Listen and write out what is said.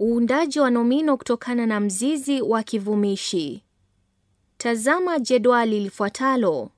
Uundaji wa nomino kutokana na mzizi wa kivumishi. Tazama jedwali lifuatalo.